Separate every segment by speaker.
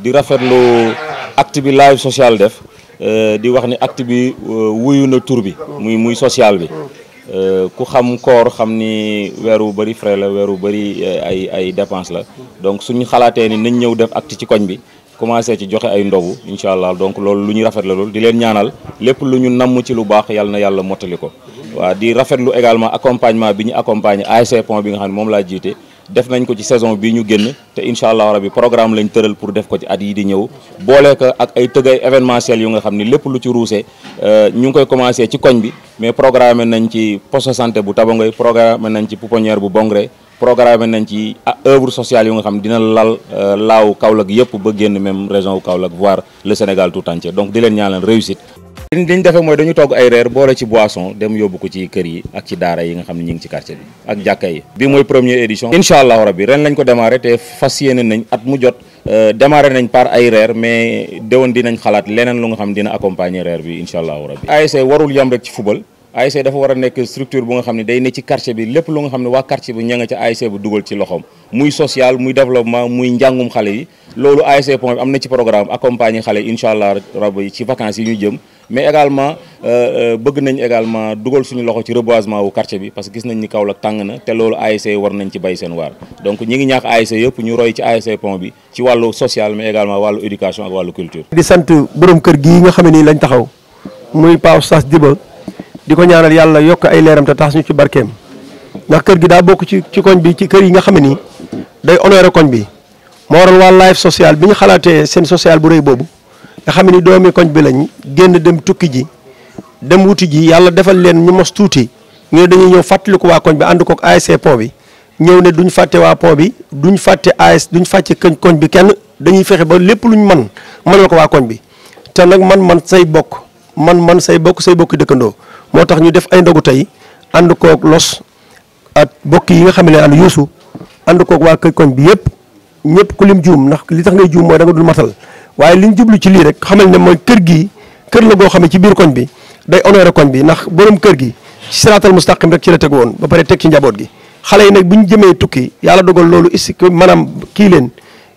Speaker 1: di rafetlu act bi live social def euh, di wax ni acte bi euh, wuyu na tur bi muy muy social bi euh, ku xam koor xam ni weer wu bari frais la weer wu bëri ay ay dépense la donc suñu xalaatee ni nañ ñëw def acte ci koñ bi commencé ci joxe ay ndogu incha allah donc loolu lu ñu rafet la loolu di leen ñaanal lépp lu ñu namm ci lu baax yàlla na yàlla mottali ko. waa di rafetlu également accompagnement bi ñu accompagner ASC Pont bi nga xam ne moom laa jiite. def nañ ko ci saison bi ñu génn te incha allah rabi programme lañ tëral pour def ko ci at yi di ñëw boole ko ak ay tëgay événementiel yu nga xam ni lépp lu ci ruusee euh, ñu ngi koy commencé ci koñ bi mais programme nañ ci post santé bu Tabangoy programme nañ ci pouponnière bu Bongré programme nañ ci ah, œuvre sociale yu nga xam dina lal euh, laaw Kaolack yëpp ba génn même région wu Kaolack voire le Sénégal tout entier donc di leen ñaanal réussite. li ñu defee mooy dañu togg ay reer boole ci boisson dem yóbbu ko ci kër yi ak ci daara yi nga xam ne ñu ngi ci quartier bi ak jàkka yi. bi mooy première édition. incha allahu rabbi ren lañ ko démarré te fas yéene nañ at mu jot euh, démarré nañ par ay reer mais déwén dinañ xalaat leneen lu nga xam dina accompagner reer bi incha allahu rabbi ASC warul yam rek ci football. ASC dafa war a nekk structure bu nga xam ne day ne ci quartier bi lépp lu nga xam ne waa quartier bi ña nga ca ASC bu dugal ci loxoom muy social muy développement muy njàngum xale yi loolu ASC point am na ci programme accompagner xale yi incha rab yi ci vacances yi ñu jëm mais également euh, euh, bëgg nañ également dugal suñu loxo ci reboisement wu quartier bi parce que gis nañ ni Kaolack tàng na te loolu ASC war nañ ci bay seen waar donc ñi ngi ñaax ASC ñu roy ci bi ci wàllu social mais également wàllu éducation ak wàllu culture.
Speaker 2: di sant borom kër gii di ko ñaanal yàlla yokk ay leeramte te tax ñu ci barkeem ndax kër gi daa bokk ci ci koñ bi ci kër yi nga xam ne nii day honoré koñ bi moo waral waa life social bi ñu xalaatee seen social bu rëy boobu nga xam ni doomi koñ bi lañ génn dem tukki ji dem wuti ji yàlla defal leen ñu mos tuuti ñu ne dañuy ñëw fàttaliku waa koñ bi ànd kook ASC pont bi ñëw ne duñ fàtte waa po bi duñ fàtte AS duñ fàtte koñ koñ bi kenn dañuy fexe ba lépp luñ man mënal ko waa koñ bi te nag man man say bokk man man say bokk say bokki dëkkandoo moo tax ñu def ay ndogu tey ànd koog los ak bokk yi nga xam ne ànd yuusu ànd kook waa kër koñ bi yëpp ñëpp ku lim juum ndax li tax ngay juum mooy da nga dul matal waaye li ñu jublu ci lii rek xamal ne mooy kër gi kër la goo xam ne ci biir koñ bi day honoré koñ bi ndax borom kër gi ci siraatal mustaqim rek ci la teg woon ba pare teg ci njaboot gi xale yi nag bu ñu jëmee tukki yàlla dogal loolu isti maanaam kii leen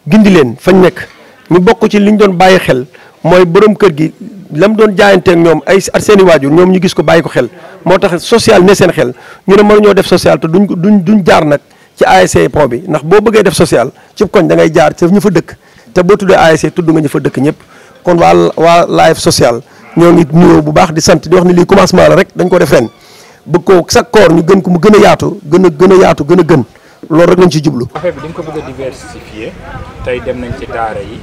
Speaker 2: gindi leen fañ nekk ñu bokk ci liñ doon bàyyi xel mooy borom kër gi lam doon jaayanteeg ñoom ay ak seen waajur ñoom ñu gis ko bàyyi ko xel moo tax social ne seen xel ñu ne ñoo def social te duñ duñ duñ jaar nag ci ASC po bi ndax boo bëggee def social ci koñ dangay jaar ci ñu fa dëkk te boo tuddee ASC tudd nga ñu fa dëkk ñëpp kon waa waa life social ñoo ngi nuyoo bu baax di sant di wax ni lii commencement la rek dañ ko def ren bëgg ko chaque ñu gën ko mu gën a yaatu gën a a yaatu gën a gën loolu rek lañ ci jublu.
Speaker 3: affaire bi dañ ko bëgg a diversifier tey dem nañ ci daara yi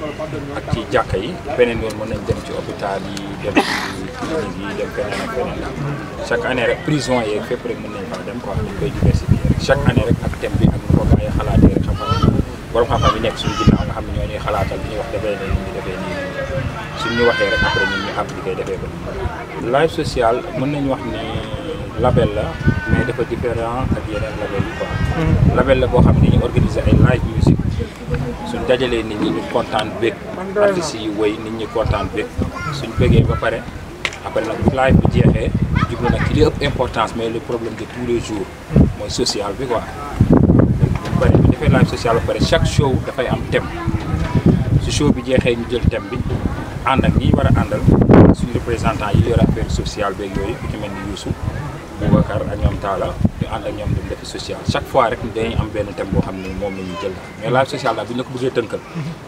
Speaker 3: ak ci jàkka yi beneen yoon mën nañ dem ci hôpital yi dem yi dem feneen ak feneen chaque année rek prison yeeg fépp rek mën nañ fa dem quoi dañ koy diversifier chaque année rek ak thème bi ak nu ko gars yi xalaatee xam-xam borom nekk suñu ginnaaw nga xam ne ñoo ñuy xalaatal li ñuy wax defee nii ñu defee nii suñu waxee rek après ñun ñu xam li koy defee ba. live social mën nañ wax ni. label la mais dafa différent ak yeneen label yi quoi. Hmm. label la boo xam ne ñu organiser ay live music suñ dajalee nit ñi ñu kontaan bég artistes yi woy nit ñi kontaan bég suñ bégee ba pare après nag live bi jeexee jublu nag ci li ëpp importance mais le problème de tous les jours hmm. mooy social bi quoi bu pare bu defee live social ba pare chaque show dafay am thème su show bi jeexee ñu jël thème bi ànd ak ñi war a àndal suñu représentant yi yor affaire social beeg yooyu ku ci mel ni Youssou Boubacar ak ñom Talla ñu and ak ñom dum def social chaque fois rek dañuy am benn thème bo xamni mom lañu jël mais live social da bu ñu la ko bëggé tënkal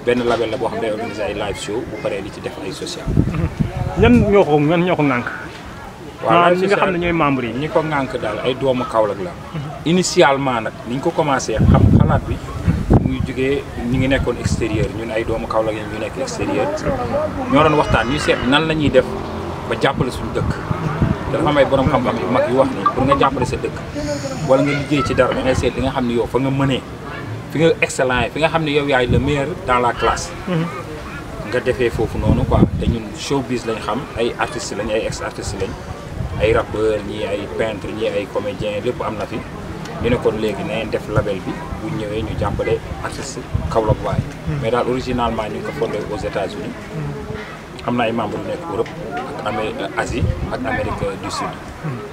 Speaker 3: benn label la bo xamni day organiser ay live show bu paré li ci def ay social ñan ñoko ñan ñoko nank nànk waaw ñi nga xamni ñoy membre yi ñi ko nank dal ay doomu Kaolack la initialement nak niñ ko commencé xam xalaat bi ñu jógee ñi ngi nekkon extérieur ñun ay doomu Kaolack ñu nekk extérieur ñoo doon waxtaan ñu sét nan lañuy def ba jappalé suñu dëkk dafa am ay borom xam-xam yu mag yu wax ni pour nga jàppale sa dëkk wala nga liggéey ci dara da ngay seet li nga xam ne yow fa nga mënee fi nga excellent fi nga xam ne yow yaay le meilleur dans la classe mhm. nga defee foofu noonu quoi te ñun showbiz lañ xam ay artistes lañ ay ex artistes lañ ay rappeur ñi ay peintre ñi ay comédien lépp am na fi ñu ne kon léegi nañ def label bi bu ñëwee ñu jàppale artiste Kaolack waay mhm. mais daal originalement ñu ngi ko fondé aux États-Unis mhm. Je suis ay membres de l'Europe, Europe ak euh, Asie du Sud.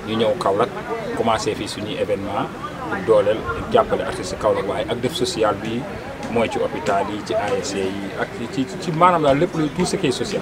Speaker 3: ñu ñëw Kaolack commencé fii suñu événement di dooleel jàppale artistes Kaolack waaye ak def social bi ci hôpital yi ci e yi ak ci tout ce qui est social.